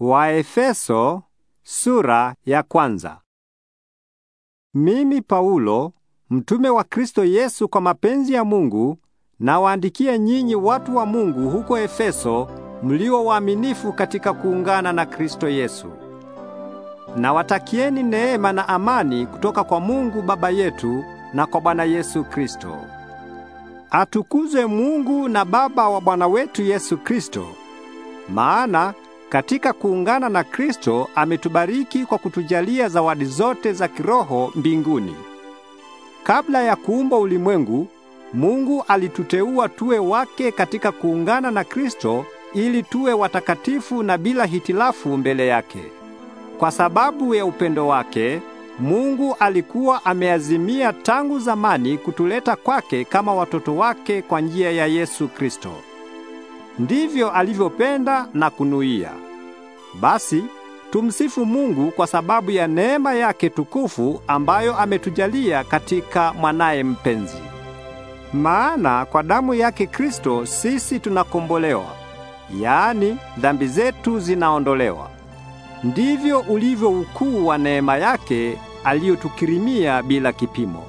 Waefeso sura ya kwanza. Mimi Paulo mtume wa Kristo Yesu kwa mapenzi ya Mungu nawaandikia nyinyi watu wa Mungu huko Efeso mlio waaminifu katika kuungana na Kristo Yesu. Nawatakieni neema na amani kutoka kwa Mungu Baba yetu na kwa Bwana Yesu Kristo. Atukuzwe Mungu na Baba wa Bwana wetu Yesu Kristo. Maana katika kuungana na Kristo ametubariki kwa kutujalia zawadi zote za kiroho mbinguni. Kabla ya kuumba ulimwengu, Mungu alituteua tuwe wake katika kuungana na Kristo ili tuwe watakatifu na bila hitilafu mbele yake. Kwa sababu ya upendo wake, Mungu alikuwa ameazimia tangu zamani kutuleta kwake kama watoto wake kwa njia ya Yesu Kristo ndivyo alivyopenda na kunuia. Basi tumsifu Mungu kwa sababu ya neema yake tukufu ambayo ametujalia katika mwanaye mpenzi. Maana kwa damu yake Kristo sisi tunakombolewa, yaani dhambi zetu zinaondolewa. Ndivyo ulivyo ukuu wa neema yake aliyotukirimia bila kipimo.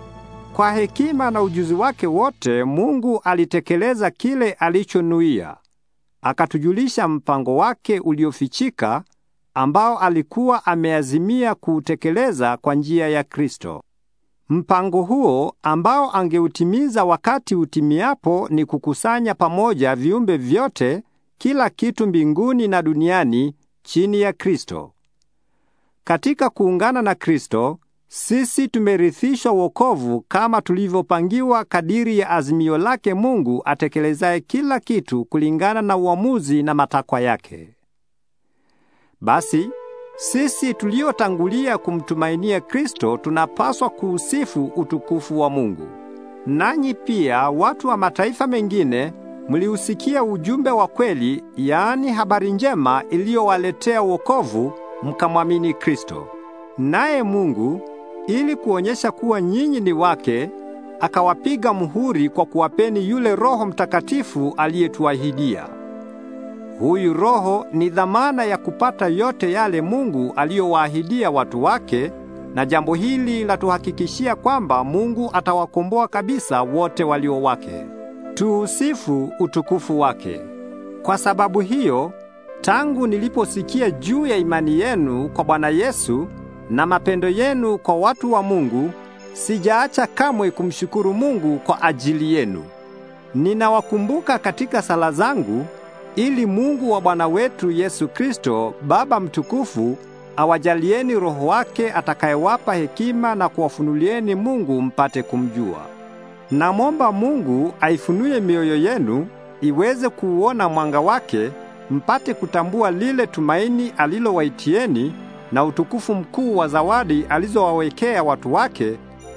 Kwa hekima na ujuzi wake wote Mungu alitekeleza kile alichonuia akatujulisha mpango wake uliofichika ambao alikuwa ameazimia kuutekeleza kwa njia ya Kristo. Mpango huo ambao angeutimiza wakati utimiapo ni kukusanya pamoja viumbe vyote, kila kitu mbinguni na duniani chini ya Kristo. Katika kuungana na Kristo, sisi tumerithishwa wokovu kama tulivyopangiwa kadiri ya azimio lake Mungu atekelezaye kila kitu kulingana na uamuzi na matakwa yake. Basi sisi tuliotangulia kumtumainia Kristo tunapaswa kuusifu utukufu wa Mungu. Nanyi pia watu wa mataifa mengine mliusikia ujumbe wa kweli, yaani habari njema iliyowaletea wokovu, mkamwamini Kristo. Naye Mungu ili kuonyesha kuwa nyinyi ni wake, akawapiga muhuri kwa kuwapeni yule Roho Mtakatifu aliyetuahidia. Huyu Roho ni dhamana ya kupata yote yale Mungu aliyowaahidia watu wake, na jambo hili latuhakikishia kwamba Mungu atawakomboa kabisa wote walio wake. Tuusifu utukufu wake. Kwa sababu hiyo, tangu niliposikia juu ya imani yenu kwa Bwana Yesu na mapendo yenu kwa watu wa Mungu, sijaacha kamwe kumshukuru Mungu kwa ajili yenu. Ninawakumbuka katika sala zangu ili Mungu wa Bwana wetu Yesu Kristo, Baba mtukufu, awajalieni Roho wake atakayewapa hekima na kuwafunulieni Mungu mpate kumjua. Namwomba Mungu aifunue mioyo yenu iweze kuuona mwanga wake, mpate kutambua lile tumaini alilowaitieni na utukufu mkuu wa zawadi alizowawekea watu wake,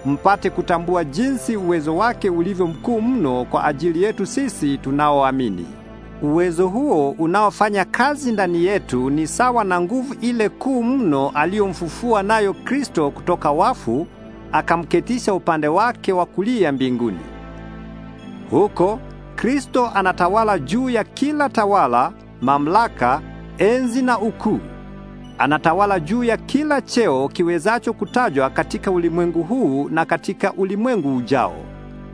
mpate kutambua jinsi uwezo wake ulivyo mkuu mno kwa ajili yetu sisi tunaoamini. Uwezo huo unaofanya kazi ndani yetu ni sawa na nguvu ile kuu mno aliyomfufua nayo Kristo kutoka wafu, akamketisha upande wake wa kulia mbinguni. Huko Kristo anatawala juu ya kila tawala, mamlaka, enzi na ukuu. Anatawala juu ya kila cheo kiwezacho kutajwa katika ulimwengu huu na katika ulimwengu ujao.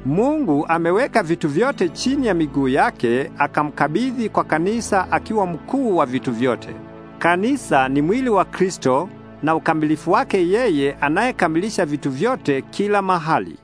Mungu ameweka vitu vyote chini ya miguu yake, akamkabidhi kwa kanisa akiwa mkuu wa vitu vyote. Kanisa ni mwili wa Kristo na ukamilifu wake yeye anayekamilisha vitu vyote kila mahali.